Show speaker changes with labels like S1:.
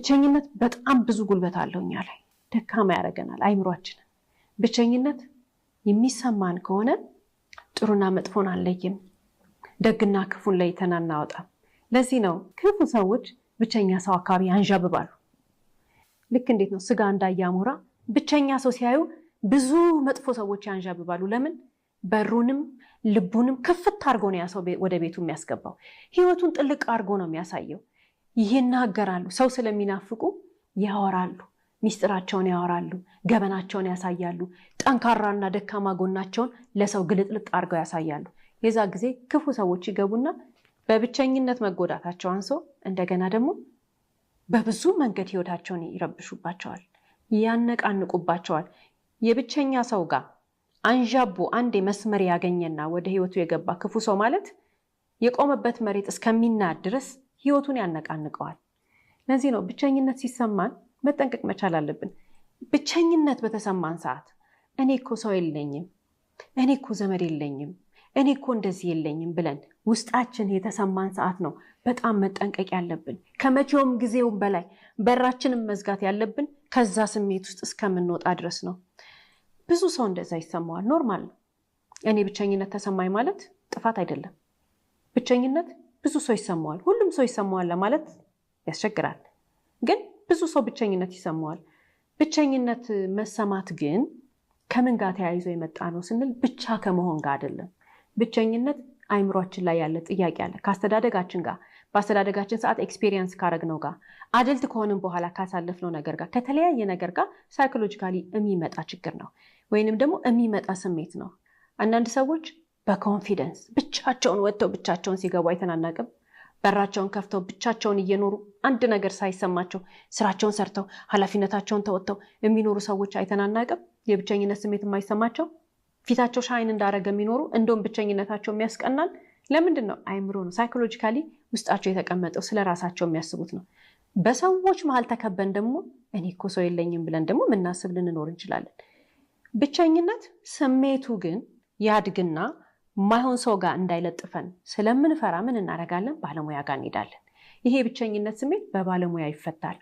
S1: ብቸኝነት በጣም ብዙ ጉልበት አለው እኛ ላይ ደካማ ያደርገናል አይምሯችንን። ብቸኝነት የሚሰማን ከሆነ ጥሩና መጥፎን አንለይም፣ ደግና ክፉን ለይተን አናወጣም። ለዚህ ነው ክፉ ሰዎች ብቸኛ ሰው አካባቢ ያንዣብባሉ። ልክ እንዴት ነው ስጋ እንዳያሞራ ብቸኛ ሰው ሲያዩ ብዙ መጥፎ ሰዎች ያንዣብባሉ። ለምን? በሩንም ልቡንም ክፍት አድርጎ ነው ያ ሰው ወደ ቤቱ የሚያስገባው። ህይወቱን ጥልቅ አድርጎ ነው የሚያሳየው። ይናገራሉ። ሰው ስለሚናፍቁ ያወራሉ፣ ሚስጥራቸውን ያወራሉ፣ ገበናቸውን ያሳያሉ፣ ጠንካራና ደካማ ጎናቸውን ለሰው ግልጥልጥ አድርገው ያሳያሉ። የዛ ጊዜ ክፉ ሰዎች ይገቡና በብቸኝነት መጎዳታቸው አንሶ እንደገና ደግሞ በብዙ መንገድ ህይወታቸውን ይረብሹባቸዋል፣ ያነቃንቁባቸዋል። የብቸኛ ሰው ጋር አንዣቦ አንዴ መስመር ያገኘና ወደ ህይወቱ የገባ ክፉ ሰው ማለት የቆመበት መሬት እስከሚናድ ድረስ ህይወቱን ያነቃንቀዋል። ለዚህ ነው ብቸኝነት ሲሰማን መጠንቀቅ መቻል አለብን። ብቸኝነት በተሰማን ሰዓት እኔ እኮ ሰው የለኝም፣ እኔ እኮ ዘመድ የለኝም፣ እኔ እኮ እንደዚህ የለኝም ብለን ውስጣችን የተሰማን ሰዓት ነው በጣም መጠንቀቅ ያለብን። ከመቼውም ጊዜውም በላይ በራችንም መዝጋት ያለብን ከዛ ስሜት ውስጥ እስከምንወጣ ድረስ ነው። ብዙ ሰው እንደዛ ይሰማዋል። ኖርማል ነው። እኔ ብቸኝነት ተሰማኝ ማለት ጥፋት አይደለም። ብቸኝነት ብዙ ሰው ይሰማዋል። ሁሉም ሰው ይሰማዋል ለማለት ያስቸግራል። ግን ብዙ ሰው ብቸኝነት ይሰማዋል። ብቸኝነት መሰማት ግን ከምን ጋር ተያይዞ የመጣ ነው ስንል ብቻ ከመሆን ጋር አይደለም። ብቸኝነት አይምሯችን ላይ ያለ ጥያቄ አለ። ከአስተዳደጋችን ጋር በአስተዳደጋችን ሰዓት ኤክስፔሪየንስ ካረግነው ጋር አደልት ከሆንም በኋላ ካሳለፍነው ነገር ጋር ከተለያየ ነገር ጋር ሳይኮሎጂካሊ የሚመጣ ችግር ነው፣ ወይንም ደግሞ የሚመጣ ስሜት ነው። አንዳንድ ሰዎች በኮንፊደንስ ብቻቸውን ወጥተው ብቻቸውን ሲገቡ አይተናናቅም? በራቸውን ከፍተው ብቻቸውን እየኖሩ አንድ ነገር ሳይሰማቸው ስራቸውን ሰርተው ኃላፊነታቸውን ተወጥተው የሚኖሩ ሰዎች አይተናናቅም። የብቸኝነት ስሜት የማይሰማቸው ፊታቸው ሻይን እንዳደረገ የሚኖሩ እንደውም ብቸኝነታቸው የሚያስቀናል። ለምንድን ነው? አይምሮ ነው። ሳይኮሎጂካሊ ውስጣቸው የተቀመጠው ስለ ራሳቸው የሚያስቡት ነው። በሰዎች መሀል ተከበን ደግሞ እኔ እኮ ሰው የለኝም ብለን ደግሞ የምናስብ ልንኖር እንችላለን። ብቸኝነት ስሜቱ ግን ያድግና ማይሆን ሰው ጋር እንዳይለጥፈን ስለምንፈራ ምን እናደርጋለን? ባለሙያ ጋር እንሄዳለን። ይሄ ብቸኝነት ስሜት በባለሙያ ይፈታል።